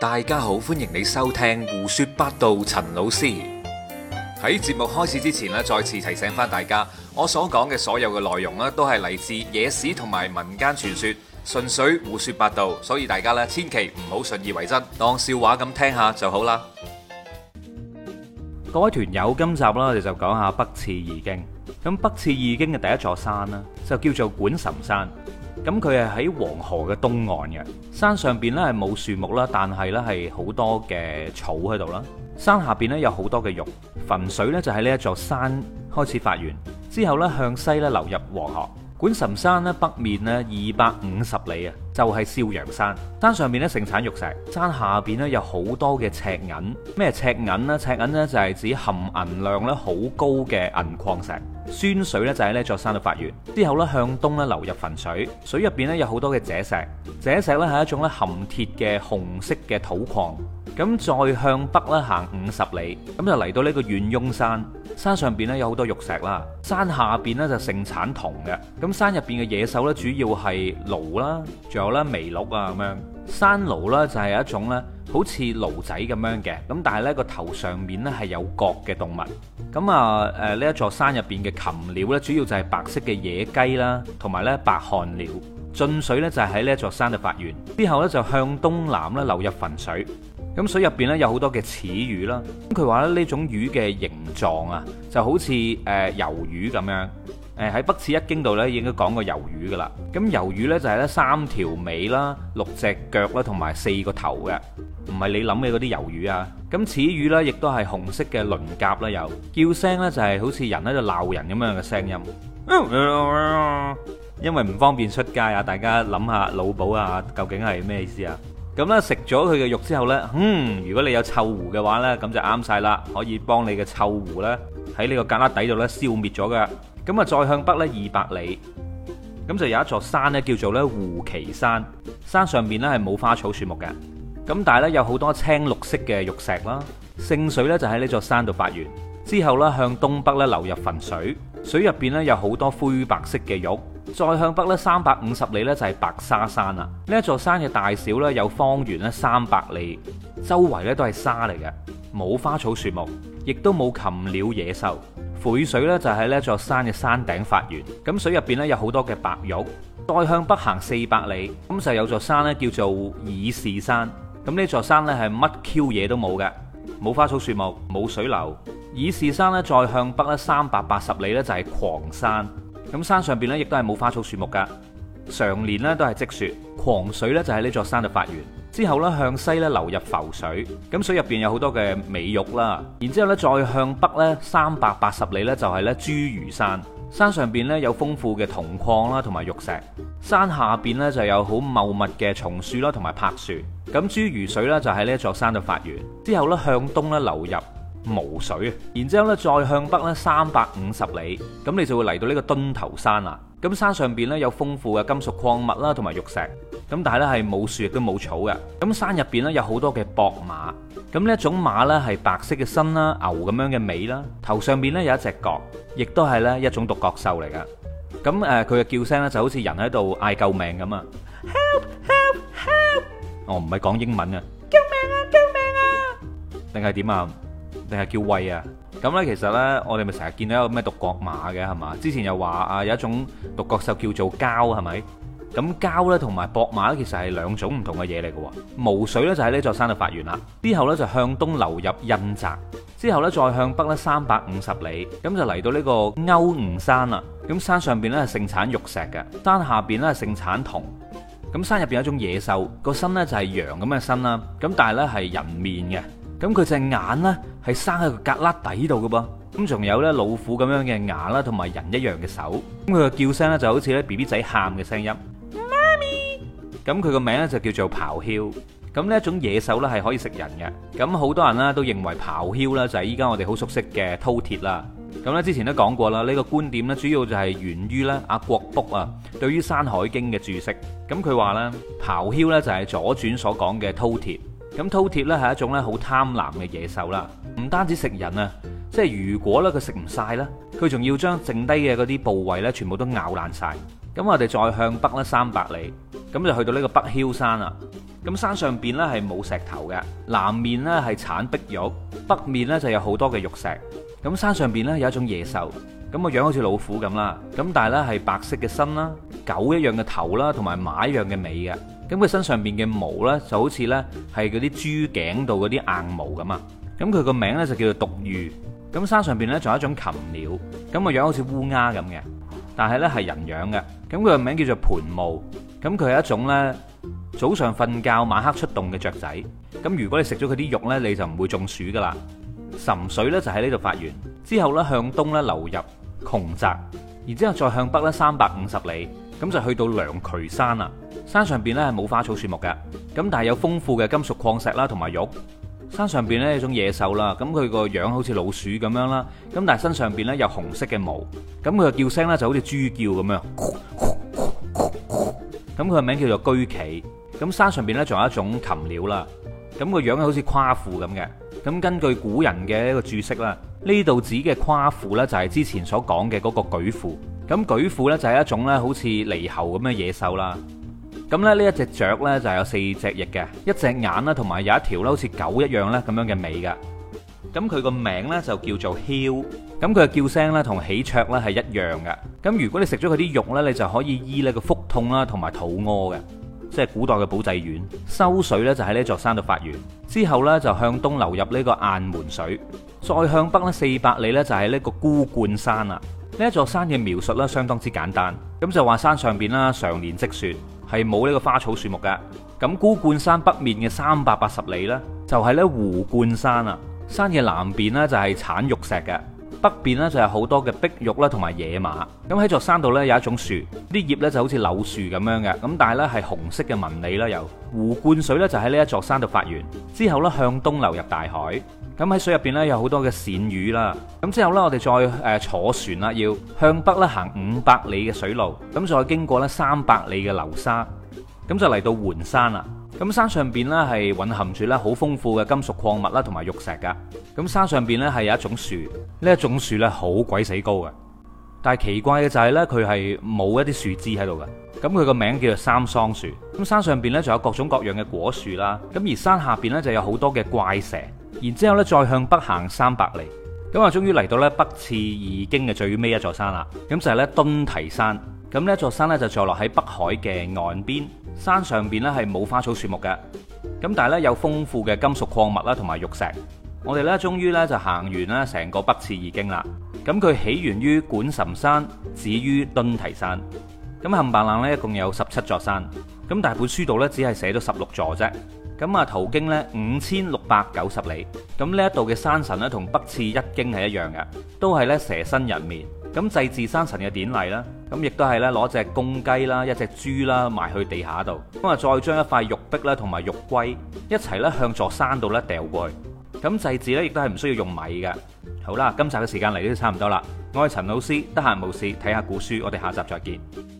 大家好，歡迎你收聽胡說八道。陳老師喺節目開始之前咧，再次提醒翻大家，我所講嘅所有嘅內容咧，都係嚟自野史同埋民間傳說，純粹胡說八道，所以大家咧千祈唔好信以為真，當笑話咁聽下就好啦。各位團友，今集啦，我哋就講下北次二經。咁北次二經嘅第一座山咧，就叫做管岑山。咁佢係喺黃河嘅東岸嘅，山上邊呢係冇樹木啦，但係呢係好多嘅草喺度啦。山下邊呢有好多嘅玉，汾水呢就喺呢一座山開始發源，之後呢向西呢流入黃河。管涔山呢北面呢二百五十里啊，就係、是、少陽山，山上面呢盛產玉石，山下邊呢有好多嘅赤銀，咩赤銀呢？赤銀呢就係指含銀量呢好高嘅銀礦石。酸水咧就喺呢座山度發源，之後咧向東咧流入汾水，水入邊咧有好多嘅赭石，赭石咧係一種咧含鐵嘅紅色嘅土礦，咁再向北咧行五十里，咁就嚟到呢個縣雍山，山上邊咧有好多玉石啦，山下邊咧就盛產銅嘅，咁山入邊嘅野獸咧主要係驢啦，仲有咧麋鹿啊咁樣，山驢啦就係一種咧。好似驢仔咁樣嘅，咁但係呢個頭上面咧係有角嘅動物。咁啊誒呢一座山入邊嘅禽鳥呢，主要就係白色嘅野雞啦，同埋呢白鴼鳥。進水呢，就係喺呢一座山度發源，之後呢就向東南啦流入汾水。咁水入邊呢，有好多嘅鯉魚啦。咁佢話咧呢種魚嘅形狀啊，就好似誒魷魚咁樣。誒喺北次一經度呢，已經講過魷魚噶啦。咁魷魚呢，就係咧三條尾啦，六隻腳啦，同埋四個頭嘅。唔係你諗嘅嗰啲魷魚啊，咁此魚呢，亦都係紅色嘅鱗甲啦，又叫聲呢，就係、是、好似人喺度鬧人咁樣嘅聲音。因為唔方便出街啊，大家諗下腦補啊，究竟係咩意思啊？咁、嗯、呢，食咗佢嘅肉之後呢，嗯，如果你有臭狐嘅話呢，咁就啱晒啦，可以幫你嘅臭狐呢，喺呢個旮旯底度呢，消滅咗噶。咁啊，再向北呢，二百里，咁就有一座山呢，叫做呢，狐岐山，山上邊呢，係冇花草樹木嘅。咁但係咧有好多青綠色嘅玉石啦，聖水咧就喺呢座山度發源，之後咧向東北咧流入汾水，水入邊咧有好多灰白色嘅玉，再向北咧三百五十里咧就係白沙山啦。呢一座山嘅大小咧有方圓咧三百里，周圍咧都係沙嚟嘅，冇花草樹木，亦都冇禽鳥野獸。鮪水咧就喺呢一座山嘅山頂發源，咁水入邊咧有好多嘅白玉，再向北行四百里，咁就有座山咧叫做爾是山。咁呢座山呢，係乜 q 嘢都冇嘅，冇花草樹木，冇水流。爾是山呢，再向北呢，三百八十里呢，就係狂山，咁山上邊呢，亦都係冇花草樹木噶，常年呢，都係積雪，狂水呢，就喺呢座山度發源，之後呢，向西呢，流入浮水，咁水入邊有好多嘅美玉啦，然之後咧再向北呢，三百八十里呢，就係呢諸餘山。山上邊咧有豐富嘅銅礦啦，同埋玉石。山下邊咧就有好茂密嘅松樹啦，同埋柏樹。咁諸餘水咧就喺呢一座山度發源，之後咧向東咧流入旄水，然之後咧再向北咧三百五十里，咁你就會嚟到呢個敦頭山啦。咁山上邊咧有豐富嘅金屬礦物啦，同埋玉石。咁但係咧係冇樹亦都冇草嘅。咁山入邊咧有好多嘅博馬。咁呢一種馬咧係白色嘅身啦，牛咁樣嘅尾啦，頭上邊咧有一隻角，亦都係咧一種獨角獸嚟嘅。咁誒，佢嘅叫聲咧就好似人喺度嗌救命咁啊！Help！Help！Help！我，唔係講英文啊！救命啊！救命啊！定係點啊？定係叫胃啊！咁呢，其實呢，我哋咪成日見到有咩獨角馬嘅係嘛？之前又話啊，有一種獨角獸叫做蛟係咪？咁蛟呢，同埋駁馬呢，其實係兩種唔同嘅嘢嚟嘅喎。毛水呢，就喺呢座山度發源啦，之後呢，就向東流入印澤，之後呢，再向北呢，三百五十里，咁就嚟到呢個鉤吾山啦。咁山上邊咧係盛產玉石嘅，山下面呢，係盛產銅。咁山入邊有一種野獸，個身呢，就係羊咁嘅身啦，咁但係呢，係人面嘅。咁佢隻眼咧係生喺個胳肋底度嘅噃，咁仲有咧老虎咁樣嘅牙啦，同埋人一樣嘅手。咁佢嘅叫聲咧就好似咧 B B 仔喊嘅聲音。媽咪，咁佢個名咧就叫做狍鴞。咁呢一種野獸咧係可以食人嘅。咁好多人啦都認為狍鴞咧就係依家我哋好熟悉嘅饕餮啦。咁咧之前都講過啦，呢個觀點咧主要就係源於咧阿郭璞啊對於《山海經》嘅注釋。咁佢話咧狍鴞咧就係左傳所講嘅饕餮。咁饕餮咧係一種咧好貪婪嘅野獸啦，唔單止食人啊，即係如果咧佢食唔曬咧，佢仲要將剩低嘅嗰啲部位咧，全部都咬爛曬。咁我哋再向北咧三百里，咁就去到呢個北囂山啦。咁山上邊咧係冇石頭嘅，南面咧係產碧玉，北面咧就有好多嘅玉石。咁山上邊咧有一種野獸，咁個樣好似老虎咁啦，咁但係咧係白色嘅身啦，狗一樣嘅頭啦，同埋馬一樣嘅尾嘅。咁佢身上邊嘅毛咧就好似咧係嗰啲豬頸度嗰啲硬毛咁啊！咁佢個名咧就叫做毒魚。咁山上邊咧仲有一種禽鳥，咁個樣好似烏鴉咁嘅，但係咧係人樣嘅。咁佢個名叫做盤毛。咁佢係一種咧早上瞓覺、晚黑出動嘅雀仔。咁如果你食咗佢啲肉咧，你就唔會中暑噶啦。岑水咧就喺呢度發源，之後咧向東咧流入窮澤，然之後再向北咧三百五十里。咁就去到梁渠山啦，山上邊呢係冇花草樹木嘅，咁但係有豐富嘅金屬礦石啦，同埋玉。山上邊呢有一種野獸啦，咁佢個樣好似老鼠咁樣啦，咁但係身上邊呢有紅色嘅毛，咁佢嘅叫聲呢就好似豬叫咁樣，咁佢嘅名叫做「居奇」。咁山上邊呢仲有一種禽鳥啦，咁個樣係好似夸父咁嘅，咁根據古人嘅一個注釋啦，呢度指嘅夸父呢就係之前所講嘅嗰個舉父。咁舉父咧就係一種咧，好似獼猴咁嘅野獸啦。咁咧呢一隻雀呢，就係有四隻翼嘅，一隻眼啦，同埋有一條咧好似狗一樣呢咁樣嘅尾嘅。咁佢個名呢，就叫做囂。咁佢嘅叫聲呢，同喜鵲呢係一樣嘅。咁如果你食咗佢啲肉呢，你就可以醫咧個腹痛啦，同埋肚屙嘅，即係古代嘅保濟院，修水呢，就喺呢座山度發源，之後呢，就向東流入呢個雁門水，再向北呢，四百里呢，就喺呢個孤灌山啦。呢一座山嘅描述咧相當之簡單，咁就話山上邊啦常年積雪，係冇呢個花草樹木嘅。咁孤灌山北面嘅三百八十里呢，就係咧湖灌山啊，山嘅南邊呢，就係產玉石嘅，北邊呢，就係好多嘅碧玉啦同埋野馬。咁喺座山度呢，有一種樹，啲葉呢就好似柳樹咁樣嘅，咁但係呢，係紅色嘅紋理啦，由湖灌水呢，就喺呢一座山度發源，之後呢，向東流入大海。咁喺水入邊呢，有好多嘅鱔魚啦。咁之後呢，我哋再誒坐船啦，要向北咧行五百里嘅水路，咁再經過呢三百里嘅流沙，咁就嚟到洹山啦。咁山上邊呢，係蘊含住咧好豐富嘅金屬礦物啦，同埋玉石噶。咁山上邊呢，係有一種樹，呢一種樹呢，好鬼死高嘅，但係奇怪嘅就係呢，佢係冇一啲樹枝喺度嘅。咁佢個名叫做三桑樹。咁山上邊呢，就有各種各樣嘅果樹啦。咁而山下邊呢，就有好多嘅怪蛇。然之後咧，再向北行三百里，咁啊，終於嚟到咧北次二經嘅最尾一座山啦。咁就係咧敦提山。咁呢座山咧就坐落喺北海嘅岸邊，山上邊咧係冇花草樹木嘅。咁但係咧有豐富嘅金屬礦物啦，同埋玉石。我哋咧終於咧就行完啦成個北次二經啦。咁佢起源於管岑山，止於敦提山。咁冚唪唥咧一共有十七座山。咁但係本書度咧只係寫咗十六座啫。咁啊，途經咧五千六百九十里，咁呢一度嘅山神咧，同北次一經係一樣嘅，都係咧蛇身人面。咁祭祀山神嘅典禮啦，咁亦都係咧攞隻公雞啦，一隻豬啦埋去地下度，咁啊再將一塊玉璧啦同埋玉圭一齊咧向座山度咧掉過去。咁祭祀咧亦都係唔需要用米嘅。好啦，今集嘅時間嚟到都差唔多啦，我係陳老師，得閒無事睇下古書，我哋下集再見。